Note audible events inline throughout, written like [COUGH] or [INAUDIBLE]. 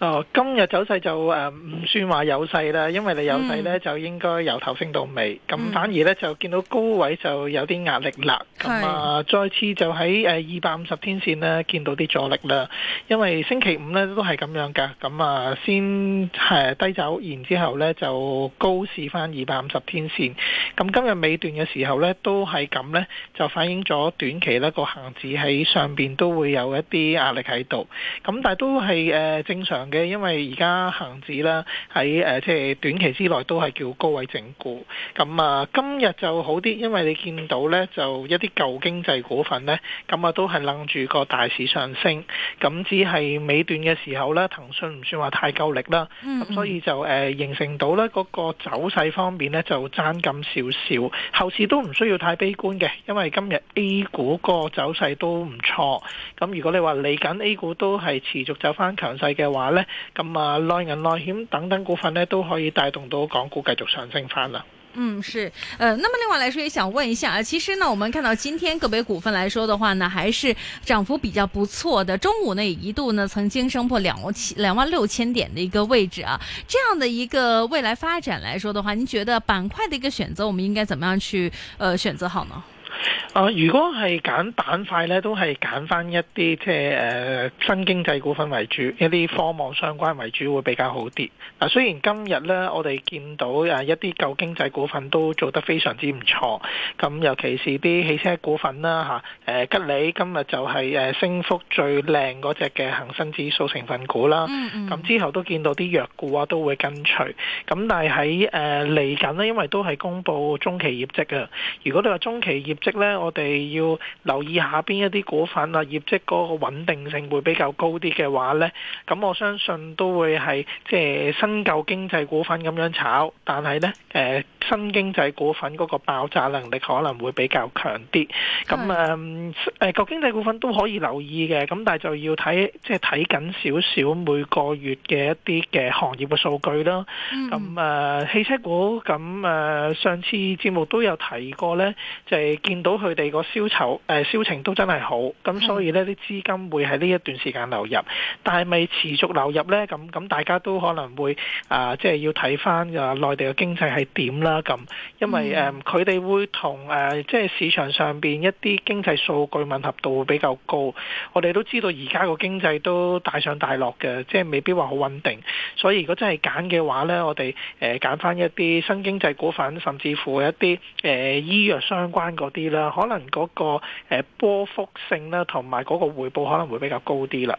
哦，今日走勢就誒唔、呃、算話有勢啦，因為你有勢咧、嗯、就應該由頭升到尾，咁、嗯、反而咧就見到高位就有啲壓力啦。咁、嗯、啊，再次就喺誒二百五十天線呢，見到啲阻力啦。因為星期五咧都係咁樣噶，咁啊先係低走，然之後咧就高試翻二百五十天線。咁今日尾段嘅時候咧都係咁咧，就反映咗短期咧、呢個恆指喺上面都會有一啲壓力喺度。咁但係都係、呃、正常，嘅，因為而家恒指咧喺誒即係短期之內都係叫高位整固，咁啊今日就好啲，因為你見到咧就一啲舊經濟股份咧，咁啊都係楞住個大市上升，咁只係尾段嘅時候咧，騰訊唔算話太夠力啦，咁、嗯嗯、所以就誒形成到咧嗰個走勢方面咧就爭咁少少，後市都唔需要太悲觀嘅，因為今日 A 股個走勢都唔錯，咁如果你話嚟緊 A 股都係持續走翻強勢嘅話咁啊，內銀內險等等股份咧，都可以帶動到港股繼續上升翻啦。嗯，是，呃。那麼另外來說，也想問一下，啊，其實呢，我們看到今天個別股份來說的話呢，還是漲幅比較不錯的。中午呢，一度呢，曾經升破兩萬七、兩萬六千點的一個位置啊。這樣的一個未來發展來說的話，您覺得板塊的一個選擇，我們應該怎麼樣去，呃選擇好呢？啊，如果係揀板塊咧，都係揀翻一啲即係誒、呃、新經濟股份為主，一啲科網相關為主會比較好啲。嗱、啊，雖然今日咧我哋見到誒一啲舊經濟股份都做得非常之唔錯，咁尤其是啲汽車股份啦吓，誒、啊、吉利今日就係誒升幅最靚嗰隻嘅恒生指數成分股啦。咁、嗯嗯啊、之後都見到啲弱股啊都會跟隨。咁但係喺誒嚟緊呢，因為都係公佈中期業績啊。如果你話中期業績，咧，我哋要留意下邊一啲股份啊，業績嗰個穩定性會比較高啲嘅話咧，咁我相信都會係即係新舊經濟股份咁樣炒，但係咧誒新經濟股份嗰個爆炸能力可能會比較強啲。咁誒、嗯、舊經濟股份都可以留意嘅，咁但係就要睇即係睇緊少少每個月嘅一啲嘅行業嘅數據啦。咁、嗯、誒汽車股，咁誒上次節目都有提過咧，就係、是。見到佢哋個銷籌誒銷情都真係好，咁所以呢啲資金會喺呢一段時間流入，但係咪持續流入呢？咁咁大家都可能會啊，即係要睇翻嘅內地嘅經濟係點啦。咁因為誒佢哋會同誒即係市場上邊一啲經濟數據吻合度會比較高，我哋都知道而家個經濟都大上大落嘅，即係未必話好穩定。所以如果真係揀嘅話呢，我哋誒揀翻一啲新經濟股份，甚至乎一啲誒、啊、醫藥相關嗰啲。可能嗰個誒波幅性咧，同埋嗰個回報可能會比較高啲啦。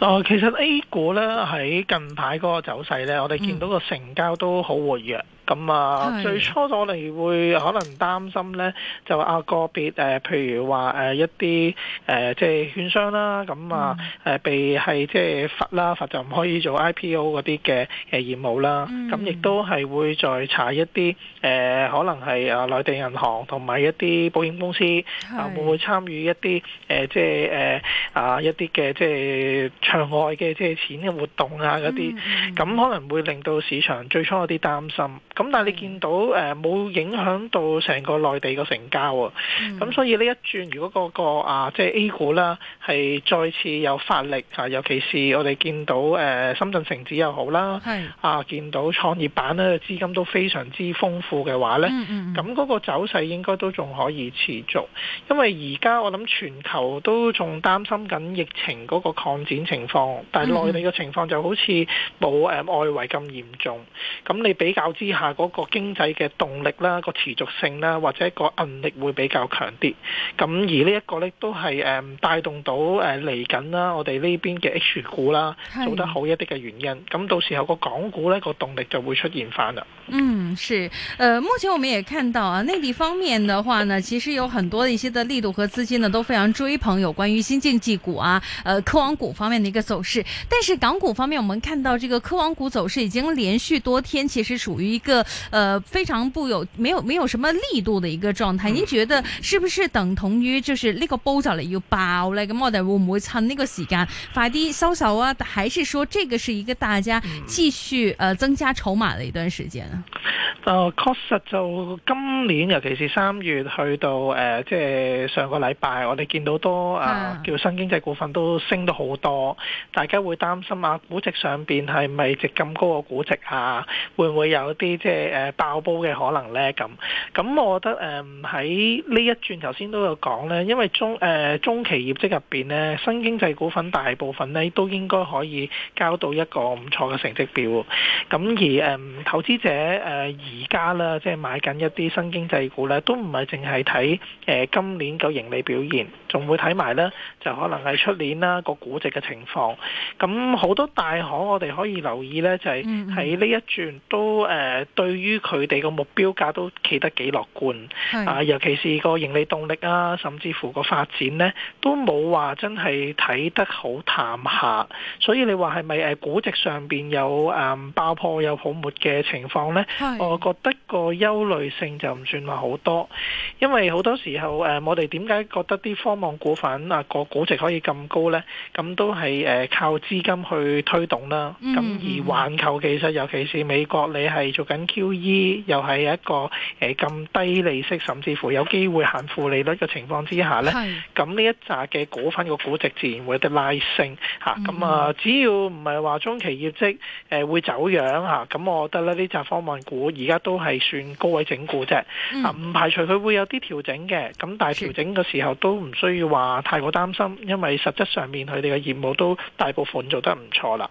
哦，其實 A 股咧喺近排嗰個走勢咧，我哋見到個成交都好活躍。咁啊，最初咗嚟會可能會擔心咧，就啊個別誒、呃，譬如話誒一啲誒、呃，即係券商啦，咁啊誒、嗯、被係即係罰啦，罰就唔可以做 IPO 嗰啲嘅誒業務啦。咁、嗯、亦都係會再查一啲誒、呃，可能係啊內地銀行同埋一啲保險公司啊，會唔會參與一啲誒、呃、即係誒、呃、啊一啲嘅即係場外嘅即係錢嘅活動啊嗰啲，咁、嗯嗯、可能會令到市場最初有啲擔心。咁但係你見到誒冇、嗯、影響到成個內地嘅成交啊，咁、嗯、所以呢一轉如果個個啊即係 A 股啦，係再次有發力啊，尤其是我哋見到誒深圳成指又好啦，係啊見到創業板咧資金都非常之豐富嘅話咧，咁、嗯、嗰、嗯嗯、個走勢應該都仲可以持續，因為而家我諗全球都仲擔心緊疫情嗰個擴展情況，但係內地嘅情況就好似冇誒外圍咁嚴重，咁你比較之下。嗰、那個經濟嘅動力啦，那個持續性啦，或者個韌力會比較強啲。咁而呢一個呢，都係誒、呃、帶動到誒嚟緊啦，我哋呢邊嘅 H 股啦做得好一啲嘅原因。咁到時候個港股呢，那個動力就會出現翻啦。嗯，是、呃。目前我們也看到啊，內地方面嘅話呢，其實有很多一些的力度和資金呢都非常追捧有關於新經濟股啊，誒、呃、科網股方面嘅一個走勢。但是港股方面，我們看到這個科網股走勢已經連續多天，其實屬於一個。呃、非常不有沒有沒有什麼力度的一個狀態，您覺得是不是等同於就是呢個煲就嚟要爆呢？咁我哋會唔會趁呢個時間快啲收手啊？還是說這個是一個大家繼續增加籌碼嘅一段時間？就、嗯、呃、確實就今年尤其是三月去到誒、呃，即係上個禮拜，我哋見到多、呃、啊叫新經濟股份都升得好多，大家會擔心啊，估值上邊係咪值咁高嘅估值啊？會唔會有啲？嘅誒爆煲嘅可能咧，咁咁，我覺得誒喺呢一轉頭先都有講咧，因為中誒、呃、中期業績入邊咧，新經濟股份大部分咧都應該可以交到一個唔錯嘅成績表。咁而誒、嗯、投資者誒而家啦，即係買緊一啲新經濟股咧，都唔係淨係睇誒今年嘅盈利表現，仲會睇埋咧，就可能係出年啦個估值嘅情況。咁好多大行我哋可以留意咧，就係喺呢一轉都誒。呃對於佢哋個目標價都企得幾樂觀，啊，尤其是個盈利動力啊，甚至乎個發展呢，都冇話真係睇得好淡下。所以你話係咪誒估值上面有、嗯、爆破有泡沫嘅情況呢？我覺得個憂慮性就唔算話好多，因為好多時候誒、呃，我哋點解覺得啲科網股份啊個估值可以咁高呢？咁都係、呃、靠資金去推動啦。咁、嗯嗯、而環球其實尤其是美國，你係做緊。Q.E. 又係一個誒咁、呃、低利息，甚至乎有機會限負利率嘅情況之下呢，咁呢一紮嘅股份個股值自然會有啲拉升嚇。咁、嗯、啊，只要唔係話中期業績誒、呃、會走樣嚇，咁、啊、我覺得咧呢紮科網股而家都係算高位整固啫、嗯。啊，唔排除佢會有啲調整嘅，咁但係調整嘅時候都唔需要話太過擔心，因為實質上面佢哋嘅業務都大部分做得唔錯啦。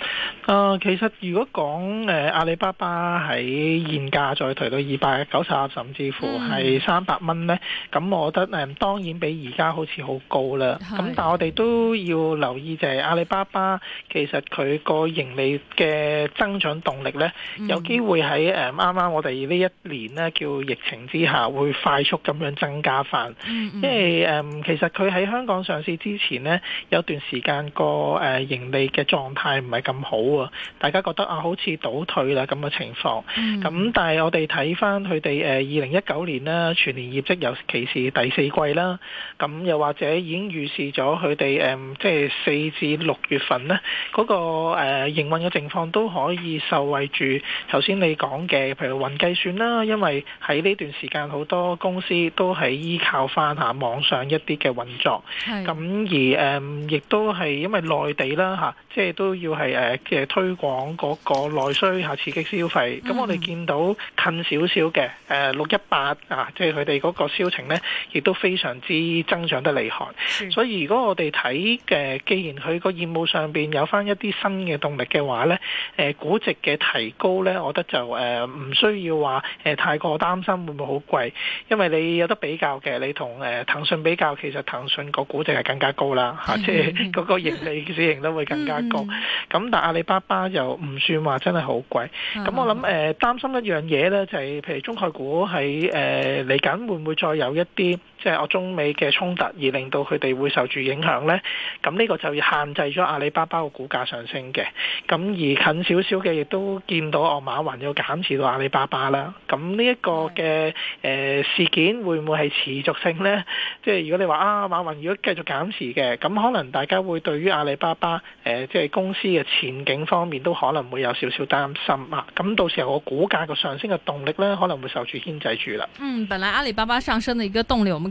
嗯、其實如果講誒、啊、阿里巴巴喺現價再抬到二百九十，甚至乎係三百蚊咧，咁、嗯、我覺得誒、嗯、當然比而家好似好高啦。咁但係我哋都要留意就係、是、阿里巴巴其實佢個盈利嘅增長動力咧，有機會喺誒啱啱我哋呢一年咧叫疫情之下會快速咁樣增加翻、嗯嗯。因為誒、嗯、其實佢喺香港上市之前咧，有段時間個盈利嘅狀態唔係咁好。大家覺得啊，好似倒退啦咁嘅情況，咁但係我哋睇翻佢哋誒二零一九年呢全年業績，尤其是第四季啦，咁又或者已經預示咗佢哋誒，即係四至六月份呢嗰個誒營運嘅情況都可以受惠住頭先你講嘅，譬如雲計算啦，因為喺呢段時間好多公司都係依靠翻吓網上一啲嘅運作，咁而誒亦都係因為內地啦吓，即係都要係誒嘅。推廣嗰個內需嚇刺激消費，咁我哋見到近少少嘅誒六一八、mm. 呃、啊，即係佢哋嗰個銷情咧，亦都非常之增長得厲害。所以如果我哋睇嘅，既然佢個業務上邊有翻一啲新嘅動力嘅話咧，誒、呃、估值，嘅提高咧，我覺得就誒唔、呃、需要話誒、呃、太過擔心會唔會好貴，因為你有得比較嘅，你同誒騰訊比較，其實騰訊個估值係更加高啦，吓即係嗰個盈利市盈都會更加高。咁、mm. 但係阿巴巴又唔算話，真係好貴。咁我諗，誒，擔心一樣嘢咧，就係、是、譬如中概股喺誒嚟緊會唔會再有一啲？即係我中美嘅衝突而令到佢哋會受住影響呢。咁呢個就要限制咗阿里巴巴嘅股價上升嘅。咁而近少少嘅亦都見到我馬雲要減持到阿里巴巴啦。咁呢一個嘅誒、呃、事件會唔會係持續性呢？即係如果你話啊馬雲如果繼續減持嘅，咁可能大家會對於阿里巴巴誒、呃、即係公司嘅前景方面都可能會有少少擔心啊。咁到時候個股價個上升嘅動力呢，可能會受住牽制住啦。嗯，本來阿里巴巴上升嘅一個動力，我哋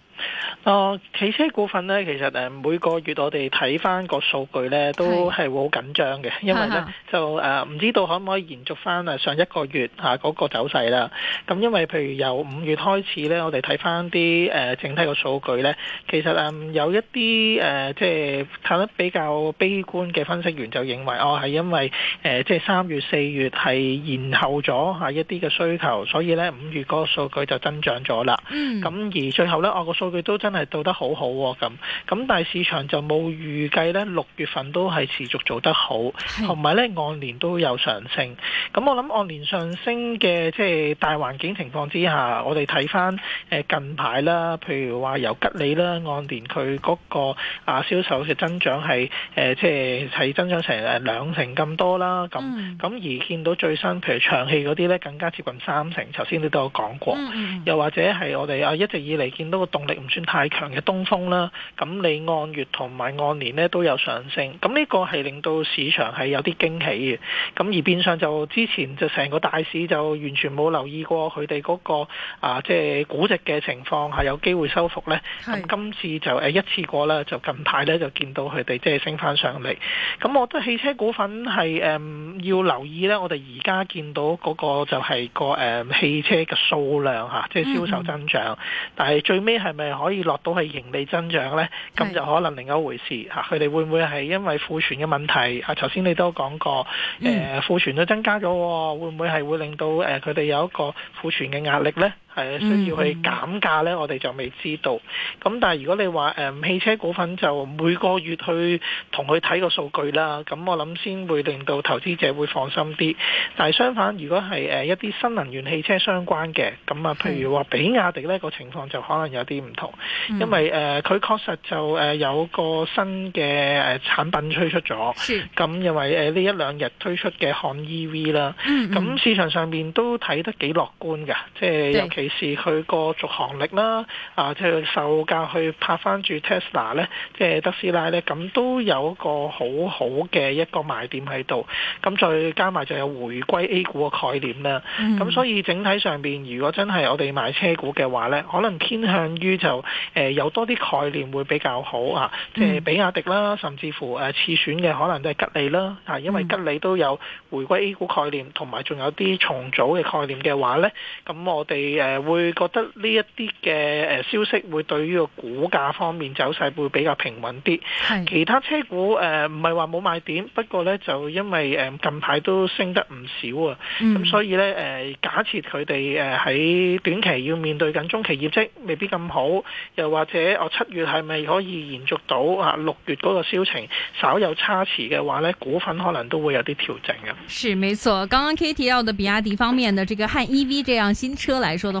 哦，汽車股份咧，其實誒每個月我哋睇翻個數據咧，都係會好緊張嘅，因為咧 [LAUGHS] 就誒唔、呃、知道可唔可以延續翻誒上一個月嚇嗰個走勢啦。咁因為譬如由五月開始咧，我哋睇翻啲誒整體個數據咧，其實誒、呃、有一啲誒即係睇得比較悲觀嘅分析員就認為，哦係因為誒即係三月四月係延後咗嚇一啲嘅需求，所以咧五月嗰個數據就增長咗啦。咁、 [LAUGHS] 嗯、而最後咧，我個數據都真係做得好好、啊、咁，咁但係市場就冇預計呢六月份都係持續做得好，同埋呢按年都有上升。咁我諗按年上升嘅即係大環境情況之下，我哋睇翻近排啦，譬如話由吉利啦按年佢嗰個啊銷售嘅增長係即係係增長成兩成咁多啦，咁咁、嗯、而見到最新譬如長汽嗰啲呢，更加接近三成，頭先你都有講過、嗯，又或者係我哋啊一直以嚟見到個動力唔算太強嘅東風啦，咁你按月同埋按年呢都有上升，咁呢個係令到市場係有啲驚喜嘅，咁而變相就之前就成個大市就完全冇留意過佢哋嗰個啊，即係估值嘅情況係有機會收復呢。咁今次就誒一次過咧，就近排呢就見到佢哋即係升翻上嚟，咁我覺得汽車股份係誒、嗯、要留意呢。我哋而家見到嗰個就係個誒汽車嘅數量嚇，即係銷售增長，嗯嗯但係最尾係咪可以？落到係盈利增長咧，咁就可能另一回事吓。佢哋會唔會係因為庫存嘅問題嚇？頭先你都講過，誒、呃，庫存都增加咗，會唔會係會令到誒，佢哋有一個庫存嘅壓力咧？係需要去減價呢。Mm -hmm. 我哋就未知道。咁但係如果你話誒、嗯、汽車股份就每個月去同佢睇個數據啦，咁我諗先會令到投資者會放心啲。但係相反，如果係、呃、一啲新能源汽車相關嘅，咁啊譬如話比亞迪呢個情況就可能有啲唔同，mm -hmm. 因為誒佢、呃、確實就、呃、有個新嘅、呃、產品推出咗，咁因為呢、呃、一兩日推出嘅漢 EV 啦，咁、mm -hmm. 市場上面都睇得幾樂觀㗎，即係尤其。尤其其實佢個續航力啦，啊，即、就、係、是、售價去拍翻住 Tesla 呢，即係特斯拉呢，咁都有個好好嘅一個賣點喺度。咁再加埋就有回歸 A 股嘅概念啦。咁所以整體上邊，如果真係我哋買車股嘅話呢，可能偏向於就誒、呃、有多啲概念會比較好啊。即、就、係、是、比亞迪啦，甚至乎誒、呃、次選嘅可能都係吉利啦。係、啊、因為吉利都有回歸 A 股概念，同埋仲有啲重組嘅概念嘅話呢，咁我哋誒。呃誒會覺得呢一啲嘅誒消息會對於呢個股價方面走勢會比較平穩啲。其他車股誒唔係話冇賣點，不過呢就因為誒、呃、近排都升得唔少啊，咁、嗯嗯、所以呢，誒、呃、假設佢哋誒喺短期要面對緊中期業績未必咁好，又或者我七、哦、月係咪可以延續到啊六月嗰個銷情稍有差池嘅話呢，股份可能都會有啲調整啊。是，沒錯。剛剛 Kitty 提到嘅比亞迪方面呢，這個漢 EV 這樣新車來說的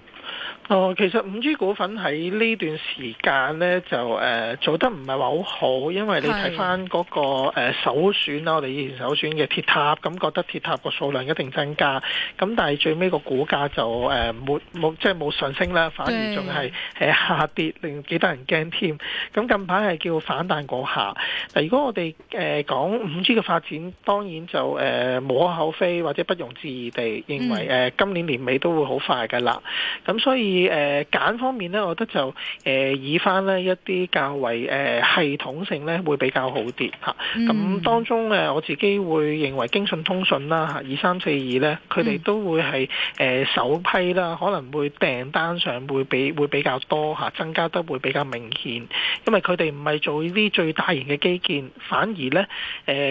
哦，其實五 G 股份喺呢段時間咧，就誒、呃、做得唔係話好好，因為你睇翻嗰個首選啊，我哋以前首選嘅鐵塔，咁覺得鐵塔個數量一定增加，咁但係最尾個股價就誒、呃、冇冇即係冇上升啦，反而仲係誒下跌，令幾得人驚添。咁近排係叫反彈嗰下。嗱，如果我哋誒講五 G 嘅發展，當然就誒、呃、無可厚非或者不容置疑地認為誒、嗯呃、今年年尾都會好快噶啦。咁所以。誒、啊、揀方面咧，我覺得就誒、啊、以翻咧一啲較為誒、啊、系統性咧，會比較好啲嚇。咁、嗯啊、當中誒我自己會認為京信通訊啦嚇，二三四二咧，佢哋都會係誒、啊、首批啦，可能會訂單上會比會比較多嚇、啊，增加得會比較明顯。因為佢哋唔係做呢啲最大型嘅基建，反而咧誒、啊、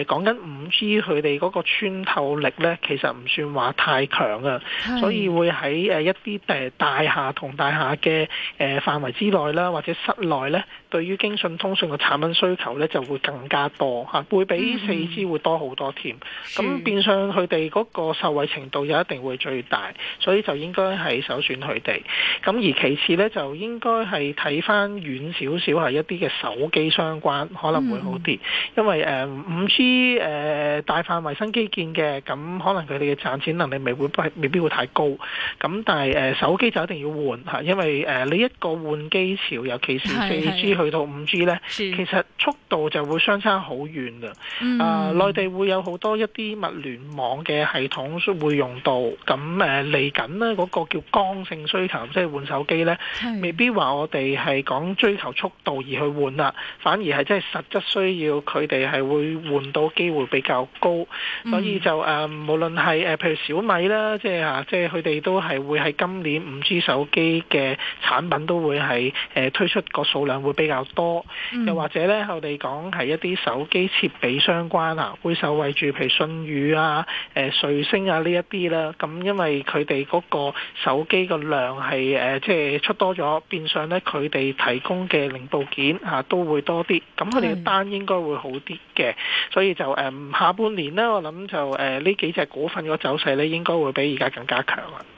講緊五 G 佢哋嗰個穿透力咧，其實唔算話太強啊，所以會喺誒一啲誒大廈。同大廈嘅誒範圍之內啦，或者室內咧，對於京信通訊嘅產品需求咧就會更加多吓，會比四 G 會多好多添。咁、嗯、變相佢哋嗰個受惠程度又一定會最大，所以就應該係首選佢哋。咁而其次咧，就應該係睇翻遠少少係一啲嘅手機相關，可能會好啲、嗯，因為誒五 G 誒大範圍新基建嘅，咁可能佢哋嘅賺錢能力未必未必會太高。咁但係誒手機就一定要。換因為呢、呃、你一個換機潮，尤其是四 G 去到五 G 咧，是是其實速度就會相差好遠啊，內、嗯呃、地會有好多一啲物聯網嘅系統會用到。咁嚟緊呢，嗰、呃那個叫剛性需求，即係換手機咧，未必話我哋係講追求速度而去換啦，反而係即係實質需要，佢哋係會換到機會比較高。嗯、所以就、呃、無論係譬如小米啦，即係即係佢哋都係會喺今年五 G 手機嘅產品都會係誒、呃、推出個數量會比較多，嗯、又或者咧，我哋講係一啲手機設備相關啊，會受惠住譬如舜宇啊、誒、呃、瑞聲啊呢一啲啦。咁、啊、因為佢哋嗰個手機個量係誒、呃、即係出多咗，變相咧佢哋提供嘅零部件嚇、啊、都會多啲，咁佢哋嘅單應該會好啲嘅、嗯。所以就誒、嗯、下半年咧，我諗就誒呢、呃、幾隻股份個走勢咧，應該會比而家更加強啊。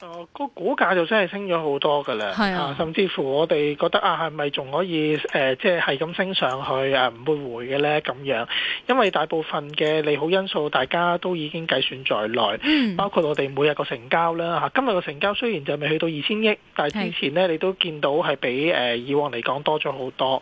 哦，個股價就真係升咗好多噶啦、啊啊，甚至乎我哋覺得啊，係咪仲可以誒、呃，即係係咁升上去啊，唔會回嘅呢。咁樣？因為大部分嘅利好因素大家都已經計算在內，包括我哋每日個成交啦、嗯啊、今日個成交雖然就未去到二千億，但係之前呢，你都見到係比、呃、以往嚟講多咗好多。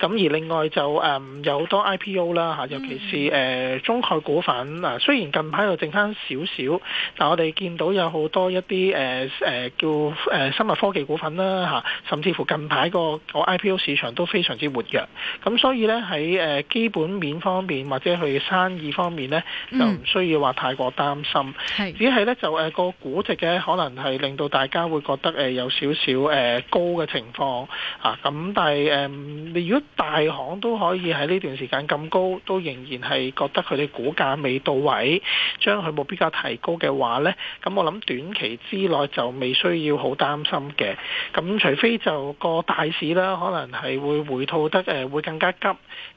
咁而另外就、嗯、有好多 IPO 啦，尤其是、嗯呃、中概股份啊，雖然近排又剩翻少少，但我哋見到有好多一啲。誒、呃、誒叫誒、呃、生物科技股份啦嚇、啊，甚至乎近排個個 IPO 市場都非常之活躍。咁所以咧喺誒基本面方面或者佢生意方面咧，就唔需要話太過擔心，嗯、只係咧就誒個股值嘅可能係令到大家會覺得誒有少少誒、呃、高嘅情況。啊，咁但係誒你如果大行都可以喺呢段時間咁高，都仍然係覺得佢哋股價未到位，將佢目標價提高嘅話咧，咁我諗短期之。內就未需要好擔心嘅，咁除非就個大市啦，可能係會回吐得誒、呃，會更加急。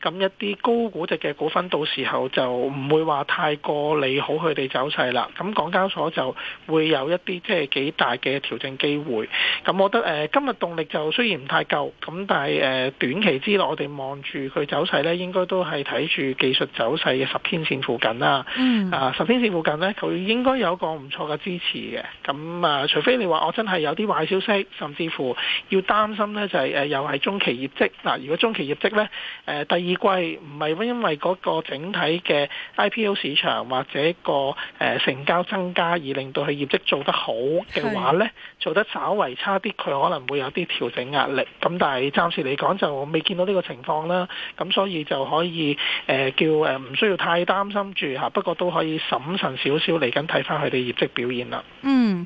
咁一啲高估值嘅股份，到時候就唔會話太過利好佢哋走勢啦。咁港交所就會有一啲即係幾大嘅調整機會。咁我覺得誒、呃、今日動力就雖然唔太夠，咁但係誒、呃、短期之內，我哋望住佢走勢呢，應該都係睇住技術走勢嘅十天線附近啦。嗯。啊，十天線附近呢，佢應該有一個唔錯嘅支持嘅。咁嗯、除非你話我真係有啲壞消息，甚至乎要擔心呢就係、是、誒、呃、又係中期業績嗱、呃。如果中期業績呢，誒、呃、第二季唔係因為嗰個整體嘅 IPO 市場或者、個誒、呃、成交增加而令到佢業績做得好嘅話呢，做得稍為差啲，佢可能會有啲調整壓力。咁但係暫時嚟講就未見到呢個情況啦。咁所以就可以誒、呃、叫誒唔、呃、需要太擔心住嚇，不過都可以審慎少少嚟緊睇翻佢哋業績表現啦。嗯。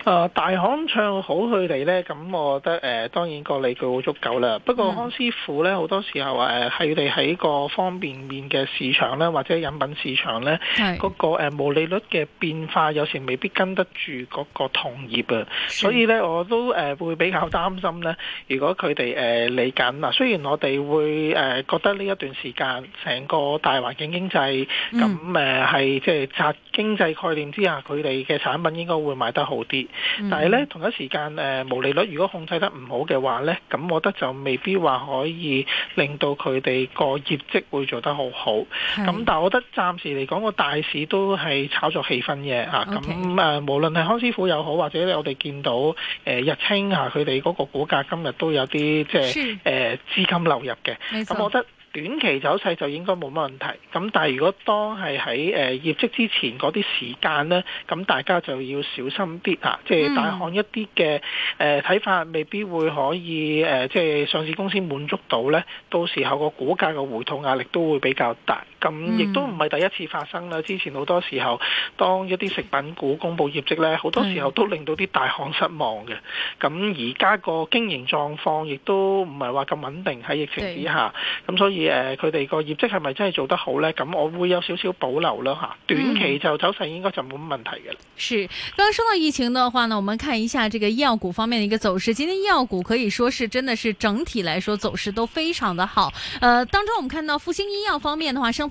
Uh, 大行唱好佢哋咧，咁我覺得誒、呃、當然個理據好足夠啦。不過康師傅咧好多時候誒係佢哋喺個方便麵嘅市場咧，或者飲品市場咧，嗰、那個毛、呃、利率嘅變化有時未必跟得住嗰個同業啊。所以咧我都誒、呃、會比較擔心咧，如果佢哋誒理解，嗱、呃，雖然我哋會誒、呃、覺得呢一段時間成個大環境經濟咁誒係即係宅經濟概念之下，佢哋嘅產品應該會賣得好啲。嗯、但係咧，同一時間誒、呃、毛利率，如果控制得唔好嘅話咧，咁我覺得就未必話可以令到佢哋個業績會做得好好。咁但我覺得暫時嚟講個大市都係炒作氣氛嘅咁、okay, 啊、無論係康師傅又好，或者我哋見到、呃、日清佢哋嗰個股價今日都有啲即係誒資金流入嘅。咁我覺得。短期走勢就應該冇乜問題，咁但係如果當係喺、呃、業績之前嗰啲時間咧，咁大家就要小心啲啊，即係大行一啲嘅睇法，未必會可以、呃、即係上市公司滿足到咧，到時候個股價嘅回吐壓力都會比較大。咁亦都唔係第一次發生啦。之前好多時候，當一啲食品股公布業績呢，好多時候都令到啲大行失望嘅。咁而家個經營狀況亦都唔係話咁穩定喺疫情之下。咁所以誒，佢哋個業績係咪真係做得好呢？咁我會有少少保留囉吓。短期就走勢應該就冇乜問題嘅。是，剛剛說到疫情嘅話呢，我們看一下這個醫藥股方面嘅一個走勢。今天醫藥股可以說是真的是整體來說走勢都非常的好。呃，當中我們看到復星醫藥方面嘅話，升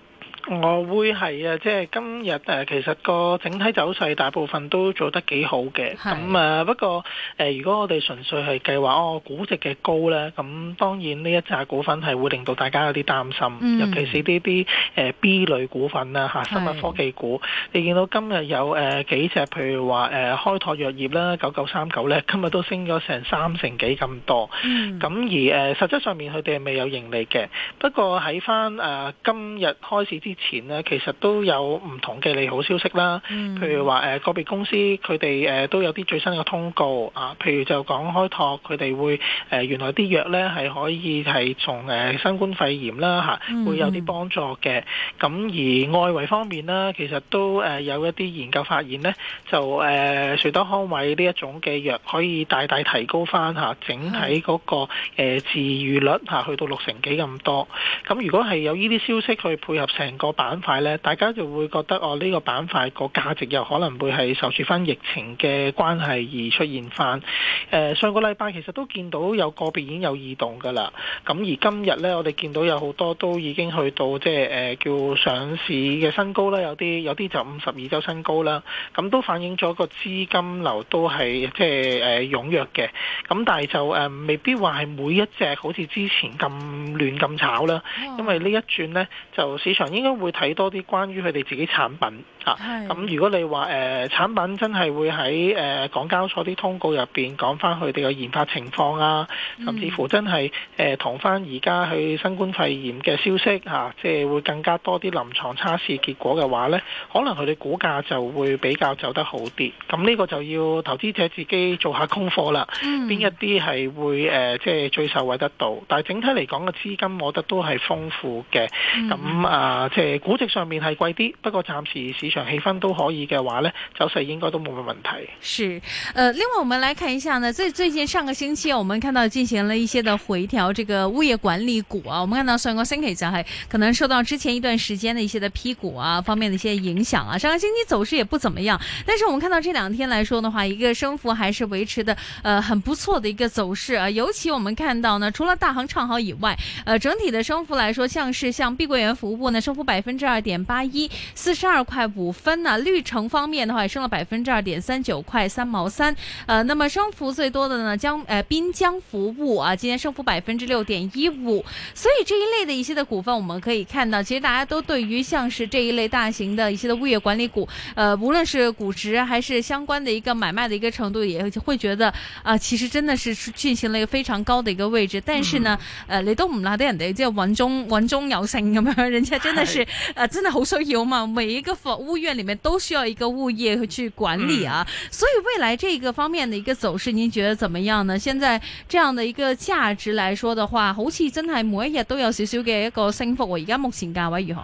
我會係啊，即係今日誒，其實個整體走勢大部分都做得幾好嘅。係。咁啊，不過誒，如果我哋純粹係計劃哦，估值嘅高咧，咁當然呢一扎股份係會令到大家有啲擔心。嗯。尤其是呢啲誒 B 類股份啦，嚇生物科技股。你見到今日有誒幾隻，譬如話誒開拓藥業啦，九九三九咧，今日都升咗成三成幾咁多。嗯。咁而誒，實際上面佢哋係未有盈利嘅。不過喺翻誒今日開始之，之前呢，其實都有唔同嘅利好消息啦，譬如話誒個別公司佢哋誒都有啲最新嘅通告啊，譬如就講開拓佢哋會誒原來啲藥呢係可以係從誒新冠肺炎啦嚇，會有啲幫助嘅。咁而外圍方面咧，其實都誒有一啲研究發現呢，就誒瑞德康偉呢一種嘅藥可以大大提高翻嚇整體嗰個誒治癒率嚇，去到六成幾咁多。咁如果係有呢啲消息去配合成個板塊呢，大家就會覺得哦，呢、個板塊個價值又可能會係受住翻疫情嘅關係而出現翻。誒、呃，上個禮拜其實都見到有個別已經有異動㗎啦。咁而今日呢，我哋見到有好多都已經去到即係誒、呃、叫上市嘅新高啦，有啲有啲就五十二周新高啦。咁都反映咗個資金流都係即係誒踴躍嘅。咁、呃、但係就誒、呃、未必話係每一隻好似之前咁亂咁炒啦，因為呢一轉呢就市場應該。都會睇多啲關於佢哋自己產品嚇，咁、啊、如果你話誒、呃、產品真係會喺誒、呃、港交所啲通告入邊講翻佢哋嘅研發情況啊，甚至乎真係誒、呃、同翻而家去新冠肺炎嘅消息吓、啊，即係會更加多啲臨床測試結果嘅話咧，可能佢哋股價就會比較走得好啲。咁呢個就要投資者自己做下功課啦，邊、嗯、一啲係會誒、呃、即係最受惠得到？但係整體嚟講嘅資金，我覺得都係豐富嘅。咁、嗯嗯、啊，即係。誒、呃、估值上面係貴啲，不過暫時市場氣氛都可以嘅話呢，走勢應該都冇乜問題。是，誒、呃、另外我們來看一下呢，最最近上個星期、啊，我們看到進行了一些的回調，這個物業管理股啊，我們看到雖然講三 K 啊，可能受到之前一段時間的一些的批股啊方面的一些影響啊，上個星期走勢也不怎麼樣。但是我們看到這兩天來說的話，一個升幅還是維持的，呃，很不錯的一個走勢啊。尤其我們看到呢，除了大行唱好以外，呃，整體的升幅來說，像是像碧桂園服務部呢，升幅百分之二點八一，四十二塊五分呢。綠城方面的話，也升了百分之二點三九，塊三毛三。呃，那麼升幅最多的呢，江呃濱江服務啊，今天升幅百分之六點一五。所以這一類的一些的股份，我們可以看到，其實大家都對於像是這一類大型的一些的物業管理股，呃，無論是估值還是相關的一個買賣的一個程度，也會覺得啊、呃，其實真的是進行了一個非常高的一個位置。但是呢，嗯、呃，雷東唔拉得人哋即係穩中穩中有勝咁，人家真的是。 [LAUGHS] 啊，真係好需要嘛！每一個房物院裏面都需要一個物業去管理啊、嗯，所以未來這個方面的一個走勢，您覺得怎麼樣呢？現在這樣的一個價值來說的話，好似真係每一日都有少少嘅一個升幅。而家目前價位如何？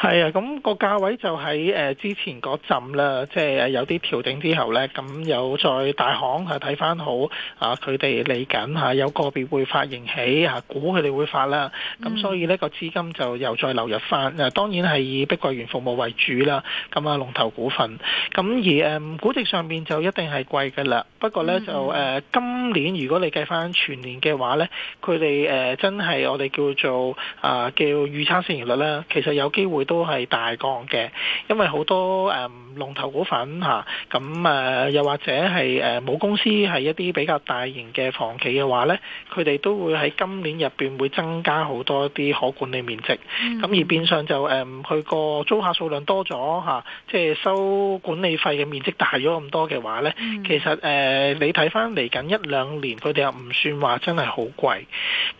係啊，咁、嗯嗯，那個價位就喺誒、呃、之前嗰陣啦，即係有啲調整之後呢。咁有再大行係睇翻好啊，佢哋嚟緊吓，有個別會發型起吓，估佢哋會發啦，咁所以呢個資金就又再流入翻。當然係以碧桂園服務為主啦，咁啊龍頭股份，咁而誒估值上面就一定係貴嘅啦。不過咧就誒今年如果你計翻全年嘅話咧，佢哋誒真係我哋叫做啊叫預測市盈率咧，其實有機會都係大降嘅，因為好多誒龍頭股份吓，咁誒又或者係誒母公司係一啲比較大型嘅房企嘅話咧，佢哋都會喺今年入面會增加好多啲可管理面積，咁而變相就。就誒佢個租客數量多咗嚇，即係收管理費嘅面積大咗咁多嘅話呢，嗯，其實誒你睇翻嚟緊一兩年，佢哋又唔算話真係好貴。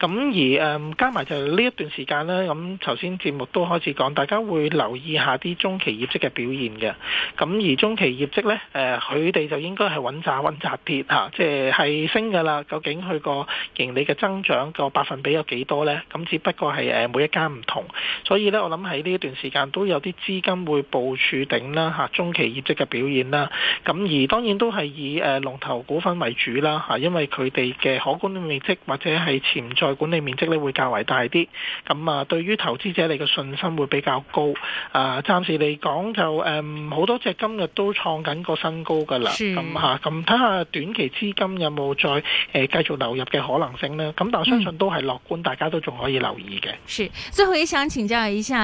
咁而誒加埋就呢一段時間呢，咁頭先節目都開始講，大家會留意下啲中期業績嘅表現嘅。咁而中期業績呢，誒佢哋就應該係穩紮穩紮跌嚇，即係係升㗎啦。究竟佢個盈利嘅增長個百分比有幾多呢？咁只不過係誒每一間唔同，所以呢，我。咁喺呢一段時間都有啲資金會部署頂啦，嚇、啊、中期業績嘅表現啦。咁、啊、而當然都係以誒、呃、龍頭股份為主啦，嚇、啊，因為佢哋嘅可觀嘅面積或者係潛在管理面積咧會較為大啲。咁啊，對於投資者你嘅信心會比較高。啊，暫時嚟講就誒好、嗯、多隻今日都創緊個新高㗎啦。咁嚇，咁睇下短期資金有冇再誒、呃、繼續流入嘅可能性呢？咁、啊、但我相信都係樂觀、嗯，大家都仲可以留意嘅。是，最後也想請教一下。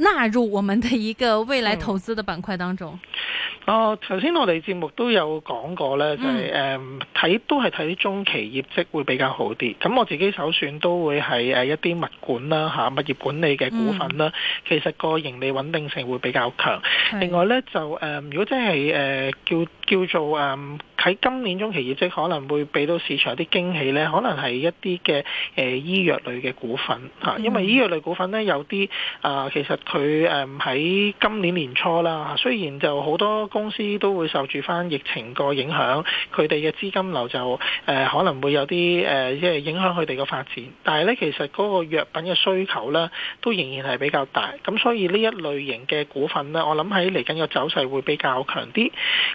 納入我們的一個未來投資的板塊當中。哦、嗯、頭、呃、先我哋節目都有講過咧，就係誒睇都係睇中期業績會比較好啲。咁我自己首選都會係誒、呃、一啲物管啦、吓、啊、物業管理嘅股份啦、嗯。其實個盈利穩定性會比較強。嗯、另外咧就誒、呃，如果即係誒叫。叫做誒喺、嗯、今年中期業績可能會俾到市場啲驚喜咧，可能係一啲嘅誒醫藥類嘅股份吓、啊，因為醫藥類股份咧有啲啊、呃，其實佢誒喺今年年初啦吓，雖然就好多公司都會受住翻疫情個影響，佢哋嘅資金流就誒、呃、可能會有啲誒即係影響佢哋嘅發展。但係咧，其實嗰個藥品嘅需求咧都仍然係比較大，咁所以呢一類型嘅股份咧，我諗喺嚟緊個走勢會比較強啲，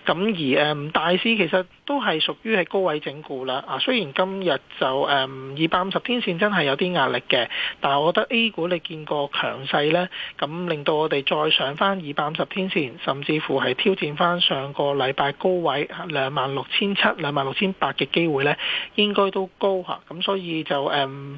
咁。而大市其實都係屬於係高位整固啦，啊，雖然今日就誒二百五十天線真係有啲壓力嘅，但係我覺得 A 股你見過強勢呢，咁令到我哋再上返二百五十天線，甚至乎係挑戰返上個禮拜高位兩萬六千七、兩萬六千八嘅機會呢，應該都高吓，咁所以就誒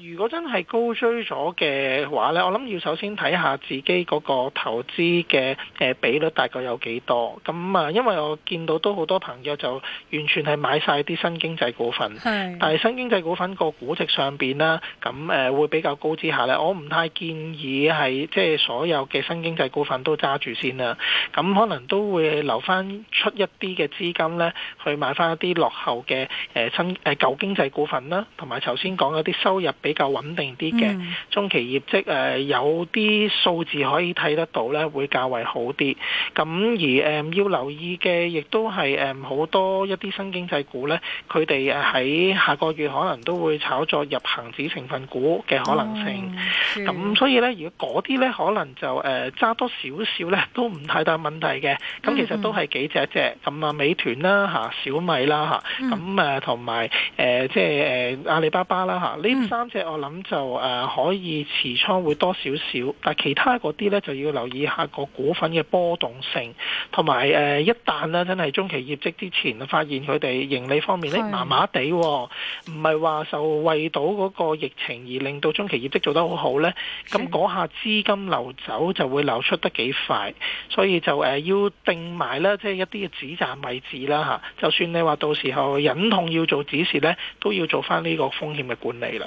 如果真係高追咗嘅話呢，我諗要首先睇下自己嗰個投資嘅比率大概有幾多。咁啊，因為我見到都好多朋友就完全係買晒啲新經濟股份，但係新經濟股份個估值上面啦，咁誒會比較高之下呢，我唔太建議係即係所有嘅新經濟股份都揸住先啦。咁可能都會留翻出一啲嘅資金呢，去買翻一啲落後嘅誒新誒舊經濟股份啦，同埋頭先講嗰啲收收入比較穩定啲嘅中期業績，誒有啲數字可以睇得到咧，會較為好啲。咁而誒要留意嘅，亦都係誒好多一啲新經濟股咧，佢哋喺下個月可能都會炒作入恆指成分股嘅可能性。咁、哦、所以咧，如果嗰啲咧，可能就誒揸多少少咧，都唔太大問題嘅。咁、嗯、其實都係幾隻隻咁啊，美團啦嚇，小米啦嚇，咁啊同埋誒即係誒阿里巴巴啦嚇呢。嗯三隻我諗就誒、呃、可以持倉會多少少，但其他嗰啲呢就要留意下個股份嘅波動性，同埋誒一旦呢，真係中期業績之前發現佢哋盈利方面呢麻麻地，唔係話受惠到嗰個疫情而令到中期業績做得好好呢。咁嗰下資金流走就會流出得幾快，所以就、呃、要定埋呢，即係一啲嘅止賺位置啦嚇，就算你話到時候忍痛要做指示呢，都要做翻呢個風險嘅管理啦。